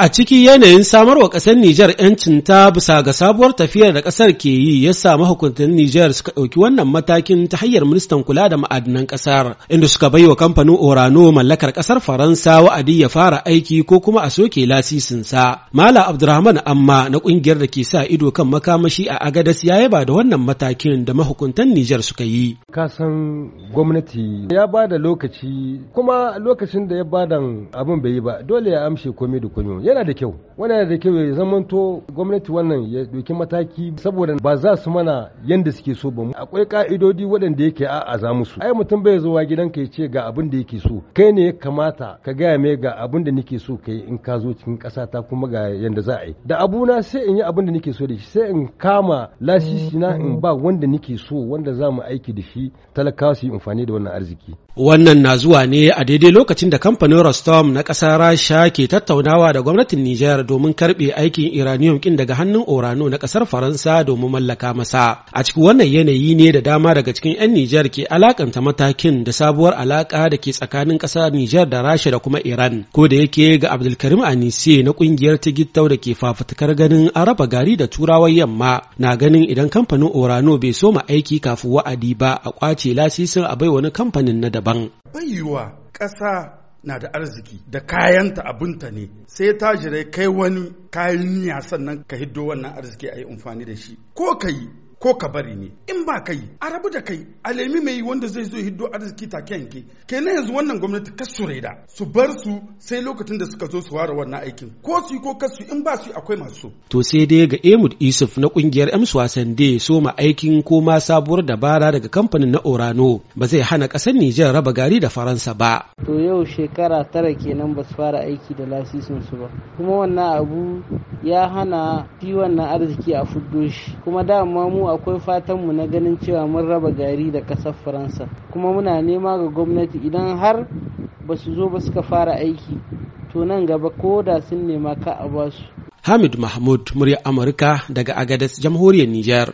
A ciki yanayin samarwa ƙasar Nijar 'Yancin ta bisa ga sabuwar tafiyar da ƙasar ke yi ya sa mahukuntan Nijar suka ɗauki wannan matakin ta hanyar ministan kula da ma'adinan ƙasar, inda suka baiwa kamfanin Orano mallakar ƙasar Faransa wa'adi ya fara aiki ko kuma a soke lasisinsa. Mala Abdurrahman Amma na ƙungiyar da ke sa ido kan makamashi a Agadas ya yaba da wannan matakin da mahukuntan Nijar suka yi. Ka san gwamnati ya ba da lokaci kuma lokacin da ya ba abin bai yi ba dole ya amshe komai da komai. yana da kyau wani yana da kyau ya zamanto gwamnati wannan ya doki mataki saboda ba za su mana yadda suke so ba akwai ka'idodi waɗanda yake a za musu ai mutum bai zuwa gidanka ya ce ga abin da yake so kai ne ya kamata ka gaya mai ga abin da nake so kai in ka zo cikin ƙasa ta kuma ga yadda za a yi da abuna sai in yi abin da nake so da shi sai in kama lasisi na in ba wanda nake so wanda za mu aiki da shi talakawa su yi amfani da wannan arziki wannan na zuwa ne a daidai lokacin da kamfanin Rostom na ƙasar Rasha ke tattaunawa da gwamnati gwamnatin Nijar domin karbe aikin Iranium kin daga hannun Orano na kasar Faransa domin mallaka masa. A cikin wannan yanayi ne da dama daga cikin 'yan Nijar ke alakanta matakin da sabuwar alaka da ke tsakanin kasar Nijar da Rasha da kuma Iran. Ko da yake ga Abdulkarim Anise na kungiyar Tigittau da ke fafutukar ganin araba, gari da turawan yamma na ganin idan kamfanin Orano bai so ma aiki kafin wa'adi ba a kwace lasisin a bai wani kamfanin na daban. ƙasa na da arziki da kayanta abinta ne sai ta jirai kai wani kayan niyya sannan ka hiddo wannan arziki a yi amfani da shi ko ka yi ko ka bari ne in ba kai a rabu da kai a lemi mai wanda zai zo hiddo arziki take yanke kenan yanzu wannan gwamnati ka su raida su bar su sai lokacin da suka zo su ware wannan aikin ko su ko kasu in ba su akwai masu to sai dai ga Emud Isuf na kungiyar Ems Wasan Day so ma aikin ko ma sabuwar dabara daga kamfanin na Orano ba zai hana kasar Nijar raba gari da Faransa ba to yau shekara tara kenan ba su fara aiki da lasisin su ba kuma wannan abu ya hana fi wannan arziki a fuddo shi kuma dama mu akwai fatan mu na ganin cewa mun raba gari da ƙasar faransa kuma muna nema ga gwamnati idan har ba su zo ba suka fara aiki to nan gaba ko da sun nema ka a basu hamid mahmud murya amurka daga agadas jamhuriyar niger